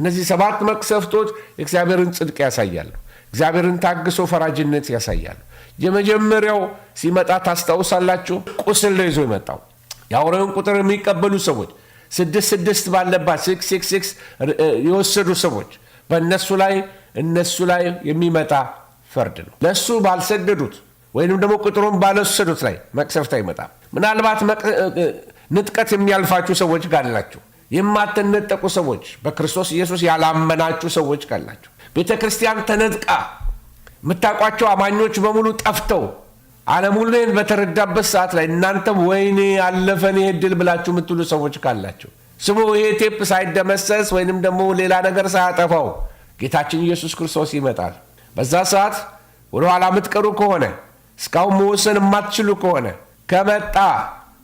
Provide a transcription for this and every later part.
እነዚህ ሰባት መቅሰፍቶች የእግዚአብሔርን ጽድቅ ያሳያሉ። እግዚአብሔርን ታግሶ ፈራጅነት ያሳያሉ። የመጀመሪያው ሲመጣ ታስታውሳላችሁ፣ ቁስል ነው ይዞ የመጣው የአውሬውን ቁጥር የሚቀበሉ ሰዎች ስድስት ስድስት ባለባት ሲክስ ሲክስ ሲክስ የወሰዱ ሰዎች በእነሱ ላይ እነሱ ላይ የሚመጣ ፍርድ ነው። ለእሱ ባልሰገዱት ወይንም ደግሞ ቁጥሩን ባልወሰዱት ላይ መቅሰፍት አይመጣም። ምናልባት ንጥቀት የሚያልፋችሁ ሰዎች ጋላችሁ የማትነጠቁ ሰዎች በክርስቶስ ኢየሱስ ያላመናችሁ ሰዎች ካላችሁ ቤተ ክርስቲያን ተነጥቃ የምታውቋቸው አማኞች በሙሉ ጠፍተው ዓለም ሁሉን በተረዳበት ሰዓት ላይ እናንተም ወይኔ አለፈን ይሄ ድል ብላችሁ የምትሉ ሰዎች ካላችሁ ስሙ፣ ይሄ ቴፕ ሳይደመሰስ ወይንም ደግሞ ሌላ ነገር ሳያጠፋው ጌታችን ኢየሱስ ክርስቶስ ይመጣል። በዛ ሰዓት ወደኋላ የምትቀሩ ከሆነ እስካሁን መወሰን የማትችሉ ከሆነ ከመጣ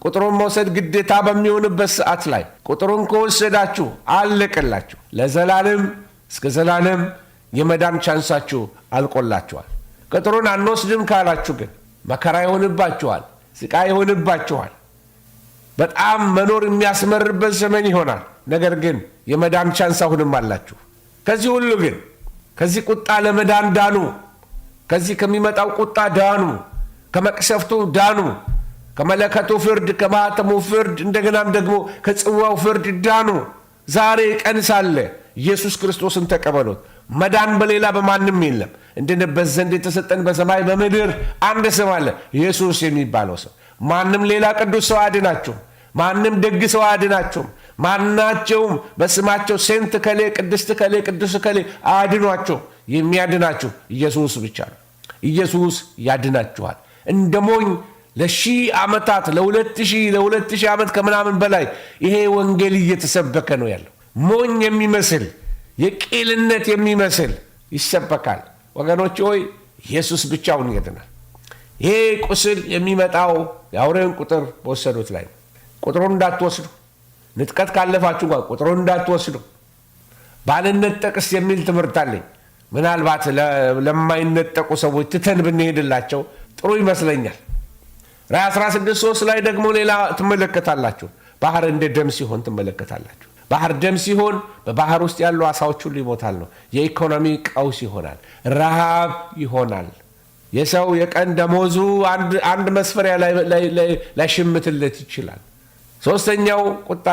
ቁጥሩን መውሰድ ግዴታ በሚሆንበት ሰዓት ላይ ቁጥሩን ከወሰዳችሁ አለቀላችሁ። ለዘላለም እስከ ዘላለም የመዳን ቻንሳችሁ አልቆላችኋል። ቁጥሩን አንወስድም ካላችሁ ግን መከራ ይሆንባችኋል፣ ስቃይ ይሆንባችኋል። በጣም መኖር የሚያስመርበት ዘመን ይሆናል። ነገር ግን የመዳን ቻንስ አሁንም አላችሁ። ከዚህ ሁሉ ግን ከዚህ ቁጣ ለመዳን ዳኑ። ከዚህ ከሚመጣው ቁጣ ዳኑ። ከመቅሰፍቱ ዳኑ። ከመለከቱ ፍርድ፣ ከማተሙ ፍርድ፣ እንደገናም ደግሞ ከጽዋው ፍርድ ዳኑ። ዛሬ ቀን ሳለ ኢየሱስ ክርስቶስን ተቀበሉት። መዳን በሌላ በማንም የለም። እንድንበት ዘንድ የተሰጠን በሰማይ በምድር አንድ ስም አለ፣ ኢየሱስ የሚባለው ስም። ማንም ሌላ ቅዱስ ሰው አያድናችሁም። ማንም ደግ ሰው አያድናችሁም። ማናቸውም በስማቸው ሴንት ከሌ፣ ቅድስት ከሌ፣ ቅዱስ ከሌ አድኗቸው የሚያድናችሁ ኢየሱስ ብቻ ነው። ኢየሱስ ያድናችኋል። እንደ ሞኝ ለሺህ ዓመታት ለሁለት ሺህ ለሁለት ሺህ ዓመት ከምናምን በላይ ይሄ ወንጌል እየተሰበከ ነው ያለው። ሞኝ የሚመስል የቂልነት የሚመስል ይሰበካል። ወገኖች ሆይ ኢየሱስ ብቻውን ይድናል። ይሄ ቁስል የሚመጣው የአውሬውን ቁጥር በወሰዱት ላይ ነው። ቁጥሩን እንዳትወስዱ ንጥቀት ካለፋችሁ እንኳ ቁጥሩን እንዳትወስዱ። ባልነጠቅስ የሚል ትምህርት አለኝ። ምናልባት ለማይነጠቁ ሰዎች ትተን ብንሄድላቸው ጥሩ ይመስለኛል። ራዕይ 16 3 ላይ ደግሞ ሌላ ትመለከታላችሁ። ባህር እንደ ደም ሲሆን ትመለከታላችሁ። ባህር ደም ሲሆን በባህር ውስጥ ያሉ አሳዎች ሁሉ ይሞታል ነው። የኢኮኖሚ ቀውስ ይሆናል፣ ረሃብ ይሆናል። የሰው የቀን ደሞዙ አንድ መስፈሪያ ላይሽምትለት ይችላል። ሶስተኛው ቁጣ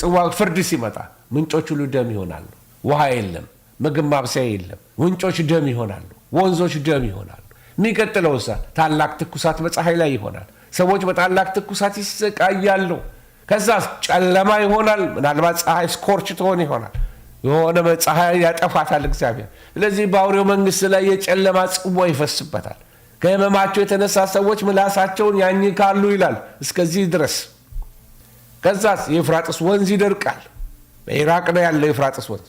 ጽዋ ፍርድ ሲመጣ ምንጮች ሁሉ ደም ይሆናሉ። ውሃ የለም፣ ምግብ ማብሰያ የለም። ምንጮች ደም ይሆናሉ፣ ወንዞች ደም ይሆናሉ። የሚቀጥለው እዛ ታላቅ ትኩሳት በፀሐይ ላይ ይሆናል። ሰዎች በታላቅ ትኩሳት ይሰቃያሉ። ከዛ ጨለማ ይሆናል። ምናልባት ፀሐይ ስኮርች ትሆን ይሆናል። የሆነ ፀሐይ ያጠፋታል እግዚአብሔር። ስለዚህ በአውሬው መንግስት ላይ የጨለማ ጽዋ ይፈስበታል። ከህመማቸው የተነሳ ሰዎች ምላሳቸውን ያኝካሉ ይላል። እስከዚህ ድረስ ከዛ የኤፍራጥስ ወንዝ ይደርቃል። በኢራቅ ነው ያለው የኤፍራጥስ ወንዝ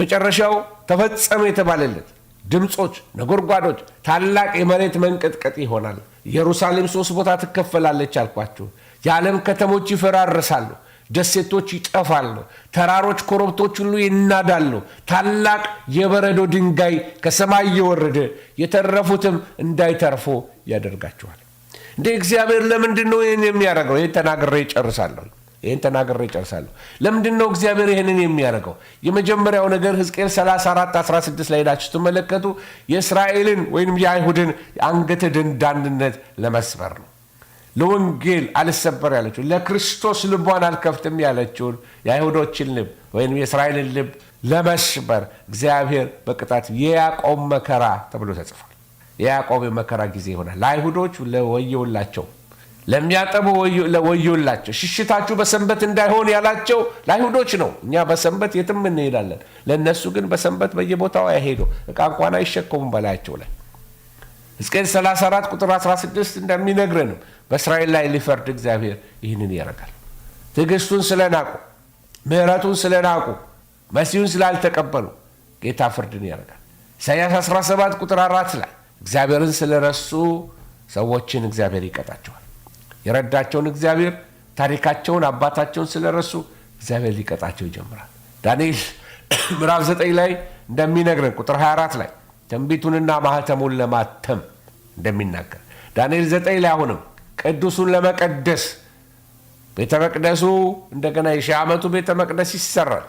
መጨረሻው ተፈጸመ የተባለለት ድምፆች፣ ነጎድጓዶች፣ ታላቅ የመሬት መንቀጥቀጥ ይሆናል። ኢየሩሳሌም ሶስት ቦታ ትከፈላለች አልኳችሁ። የዓለም ከተሞች ይፈራረሳሉ፣ ደሴቶች ይጠፋሉ፣ ተራሮች፣ ኮረብቶች ሁሉ ይናዳሉ። ታላቅ የበረዶ ድንጋይ ከሰማይ እየወረደ የተረፉትም እንዳይተርፉ ያደርጋቸዋል። እንደ እግዚአብሔር ለምንድን ነው ይህን የሚያደርገው? ይህን ተናግሬ ይጨርሳለሁ። ይህን ተናግሬ ይጨርሳሉ። ለምንድን ነው እግዚአብሔር ይህንን የሚያደርገው? የመጀመሪያው ነገር ህዝቅኤል 34 16 ላይ ሄዳችሁ ስትመለከቱ የእስራኤልን ወይም የአይሁድን አንገተ ደንዳንነት ለመስበር ነው። ለወንጌል አልሰበር ያለችው ለክርስቶስ ልቧን አልከፍትም ያለችውን የአይሁዶችን ልብ ወይም የእስራኤልን ልብ ለመስበር እግዚአብሔር በቅጣት የያዕቆብ መከራ ተብሎ ተጽፏል። የያዕቆብ የመከራ ጊዜ ይሆናል ለአይሁዶች ለወየውላቸው ለሚያጠቡ ወዮላቸው። ሽሽታችሁ በሰንበት እንዳይሆን ያላቸው ለአይሁዶች ነው። እኛ በሰንበት የትም እንሄዳለን። ለእነሱ ግን በሰንበት በየቦታው አይሄዱ፣ እቃ እንኳን አይሸከሙም በላያቸው ላይ ሕዝቅኤል 34 ቁጥር 16 እንደሚነግረንም በእስራኤል ላይ ሊፈርድ እግዚአብሔር ይህንን ያደርጋል። ትዕግስቱን ስለናቁ፣ ምሕረቱን ስለናቁ፣ መሲሁን ስላልተቀበሉ ጌታ ፍርድን ያደርጋል። ኢሳያስ 17 ቁጥር 4 ላይ እግዚአብሔርን ስለረሱ ሰዎችን እግዚአብሔር ይቀጣቸዋል። የረዳቸውን እግዚአብሔር ታሪካቸውን አባታቸውን ስለረሱ እግዚአብሔር ሊቀጣቸው ይጀምራል። ዳንኤል ምዕራፍ ዘጠኝ ላይ እንደሚነግረን ቁጥር 24 ላይ ትንቢቱንና ማህተሙን ለማተም እንደሚናገር ዳንኤል ዘጠኝ ላይ አሁንም ቅዱሱን ለመቀደስ ቤተ መቅደሱ እንደገና የሺህ ዓመቱ ቤተ መቅደስ ይሰራል።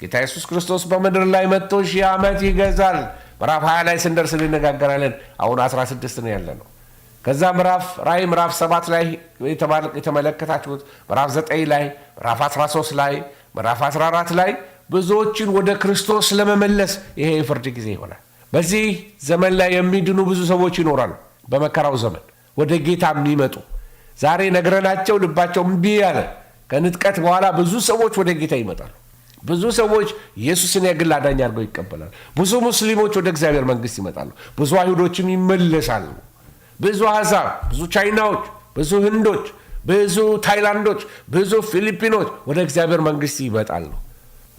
ጌታ ኢየሱስ ክርስቶስ በምድር ላይ መጥቶ ሺህ ዓመት ይገዛል። ምዕራፍ 20 ላይ ስንደርስ እንነጋገራለን። አሁን 16 ነው ያለ ነው። ከዛ ምዕራፍ ራእይ ምዕራፍ ሰባት ላይ የተመለከታችሁት ምዕራፍ ዘጠኝ ላይ ምዕራፍ 13 ላይ ምዕራፍ 14 ላይ ብዙዎችን ወደ ክርስቶስ ለመመለስ ይሄ የፍርድ ጊዜ ይሆናል። በዚህ ዘመን ላይ የሚድኑ ብዙ ሰዎች ይኖራሉ። በመከራው ዘመን ወደ ጌታ የሚመጡ ዛሬ ነግረናቸው ልባቸው እምቢ ያለ ከንጥቀት በኋላ ብዙ ሰዎች ወደ ጌታ ይመጣሉ። ብዙ ሰዎች ኢየሱስን የግል አዳኝ አድርገው ይቀበላሉ። ብዙ ሙስሊሞች ወደ እግዚአብሔር መንግስት ይመጣሉ። ብዙ አይሁዶችም ይመለሳሉ። ብዙ አሕዛብ፣ ብዙ ቻይናዎች፣ ብዙ ህንዶች፣ ብዙ ታይላንዶች፣ ብዙ ፊሊፒኖች ወደ እግዚአብሔር መንግስት ይመጣሉ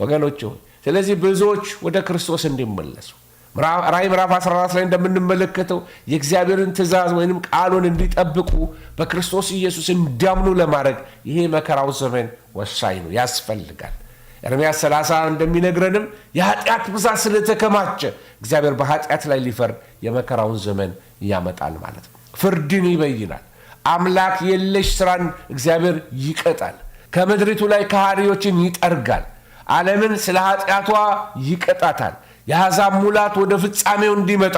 ወገኖች። ስለዚህ ብዙዎች ወደ ክርስቶስ እንዲመለሱ ራእይ ምዕራፍ 14 ላይ እንደምንመለከተው የእግዚአብሔርን ትእዛዝ ወይም ቃሉን እንዲጠብቁ በክርስቶስ ኢየሱስ እንዲያምኑ ለማድረግ ይሄ መከራው ዘመን ወሳኝ ነው፣ ያስፈልጋል። ኤርምያስ 30 እንደሚነግረንም የኃጢአት ብዛት ስለተከማቸ እግዚአብሔር በኃጢአት ላይ ሊፈርድ የመከራውን ዘመን ያመጣል ማለት ነው። ፍርድን ይበይናል። አምላክ የለሽ ስራን እግዚአብሔር ይቀጣል። ከምድሪቱ ላይ ከሃዲዎችን ይጠርጋል። ዓለምን ስለ ኃጢአቷ ይቀጣታል። የአሕዛብ ሙላት ወደ ፍጻሜው እንዲመጣ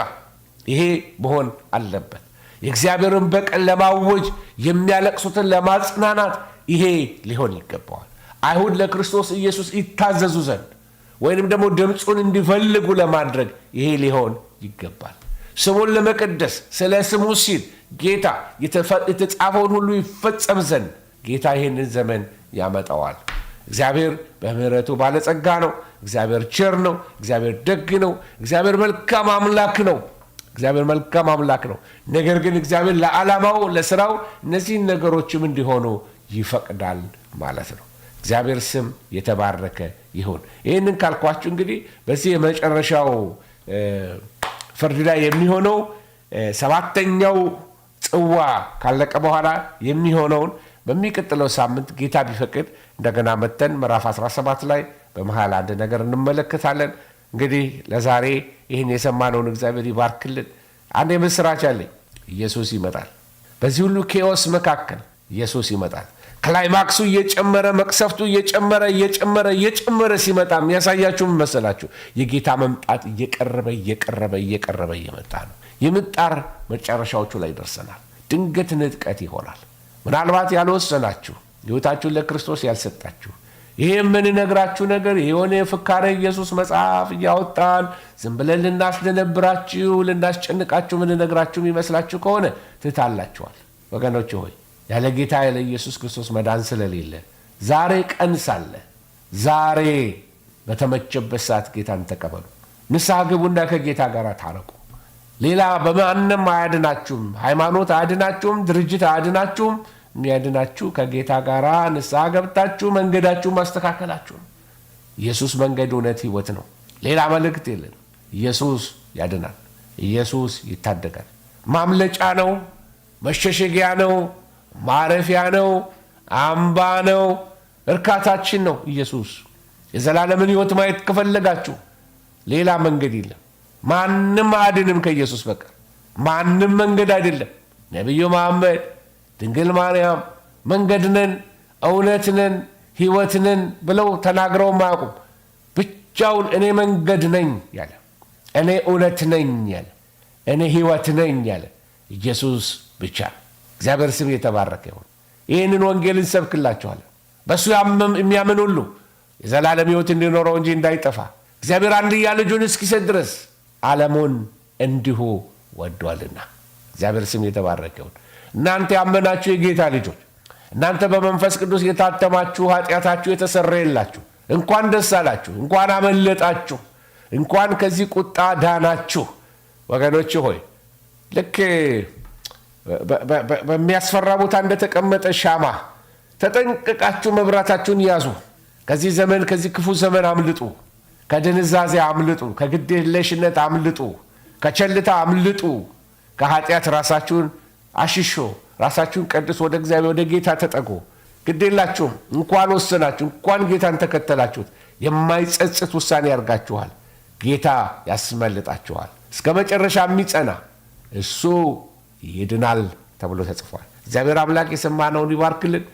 ይሄ መሆን አለበት። የእግዚአብሔርን በቀን ለማወጅ የሚያለቅሱትን ለማጽናናት ይሄ ሊሆን ይገባዋል። አይሁድ ለክርስቶስ ኢየሱስ ይታዘዙ ዘንድ ወይንም ደግሞ ድምፁን እንዲፈልጉ ለማድረግ ይሄ ሊሆን ይገባል። ስሙን ለመቀደስ ስለ ስሙ ሲል ጌታ የተጻፈውን ሁሉ ይፈጸም ዘንድ ጌታ ይህንን ዘመን ያመጣዋል። እግዚአብሔር በምሕረቱ ባለጸጋ ነው። እግዚአብሔር ቸር ነው። እግዚአብሔር ደግ ነው። እግዚአብሔር መልካም አምላክ ነው። እግዚአብሔር መልካም አምላክ ነው። ነገር ግን እግዚአብሔር ለዓላማው ለስራው እነዚህን ነገሮችም እንዲሆኑ ይፈቅዳል ማለት ነው። እግዚአብሔር ስም የተባረከ ይሁን። ይህንን ካልኳችሁ እንግዲህ በዚህ የመጨረሻው ፍርድ ላይ የሚሆነው ሰባተኛው ጽዋ ካለቀ በኋላ የሚሆነውን በሚቀጥለው ሳምንት ጌታ ቢፈቅድ እንደገና መተን ምዕራፍ 17 ላይ በመሀል አንድ ነገር እንመለከታለን። እንግዲህ ለዛሬ ይህን የሰማነውን እግዚአብሔር ይባርክልን። አንድ የምስራች አለኝ። ኢየሱስ ይመጣል። በዚህ ሁሉ ኬዎስ መካከል ኢየሱስ ይመጣል። ክላይማክሱ እየጨመረ መቅሰፍቱ እየጨመረ እየጨመረ እየጨመረ ሲመጣ የሚያሳያችሁ መሰላችሁ? የጌታ መምጣት እየቀረበ እየቀረበ እየቀረበ እየመጣ ነው። የምጣር መጨረሻዎቹ ላይ ደርሰናል። ድንገት ንጥቀት ይሆናል። ምናልባት ያልወሰናችሁ ሕይወታችሁን ለክርስቶስ ያልሰጣችሁ ይህ የምንነግራችሁ ነገር የሆነ የፍካረ ኢየሱስ መጽሐፍ እያወጣን ዝም ብለን ልናስደነብራችሁ ልናስጨንቃችሁ የምንነግራችሁ የሚመስላችሁ ከሆነ ትታላችኋል። ወገኖች ሆይ ያለ ጌታ ያለ ኢየሱስ ክርስቶስ መዳን ስለሌለ ዛሬ ቀን ሳለ ዛሬ በተመቸበት ሰዓት ጌታን ተቀበሉ። ንስሐ ግቡና ከጌታ ጋር ታረቁ። ሌላ በማንም አያድናችሁም። ሃይማኖት አያድናችሁም። ድርጅት አያድናችሁም። የሚያድናችሁ ከጌታ ጋር ንስሐ ገብታችሁ መንገዳችሁ ማስተካከላችሁ ነው። ኢየሱስ መንገድ፣ እውነት፣ ህይወት ነው። ሌላ መልእክት የለን። ኢየሱስ ያድናል። ኢየሱስ ይታደጋል። ማምለጫ ነው። መሸሸጊያ ነው። ማረፊያ ነው፣ አምባ ነው፣ እርካታችን ነው ኢየሱስ። የዘላለምን ህይወት ማየት ከፈለጋችሁ ሌላ መንገድ የለም። ማንም አድንም ከኢየሱስ በቀር ማንም መንገድ አይደለም። ነቢዩ መሐመድ፣ ድንግል ማርያም መንገድንን፣ እውነትንን ህይወትንን ብለው ተናግረው አያውቁም። ብቻውን እኔ መንገድ ነኝ ያለ፣ እኔ እውነት ነኝ ያለ፣ እኔ ህይወት ነኝ ያለ ኢየሱስ ብቻ እግዚአብሔር ስም የተባረከ ይሁን። ይህንን ወንጌል እንሰብክላችኋለን። በእሱ የሚያምን ሁሉ የዘላለም ሕይወት እንዲኖረው እንጂ እንዳይጠፋ እግዚአብሔር አንድያ ልጁን እስኪሰጥ ድረስ ዓለሙን እንዲሁ ወዷልና እግዚአብሔር ስም የተባረከ ይሁን። እናንተ ያመናችሁ የጌታ ልጆች፣ እናንተ በመንፈስ ቅዱስ የታተማችሁ፣ ኃጢአታችሁ የተሰረየላችሁ እንኳን ደስ አላችሁ፣ እንኳን አመለጣችሁ፣ እንኳን ከዚህ ቁጣ ዳናችሁ። ወገኖች ሆይ ልክ በሚያስፈራ ቦታ እንደተቀመጠ ሻማ ተጠንቅቃችሁ መብራታችሁን ያዙ። ከዚህ ዘመን ከዚህ ክፉ ዘመን አምልጡ። ከድንዛዜ አምልጡ። ከግዴለሽነት አምልጡ። ከቸልታ አምልጡ። ከኃጢአት ራሳችሁን አሽሾ ራሳችሁን ቀድሶ ወደ እግዚአብሔር ወደ ጌታ ተጠጉ። ግዴላችሁም እንኳን ወሰናችሁ እንኳን ጌታን ተከተላችሁት የማይጸጽት ውሳኔ ያርጋችኋል። ጌታ ያስመልጣችኋል። እስከ መጨረሻ የሚጸና እሱ ይድናል ተብሎ ተጽፏል። እግዚአብሔር አምላክ የሰማነውን ይባርክልን።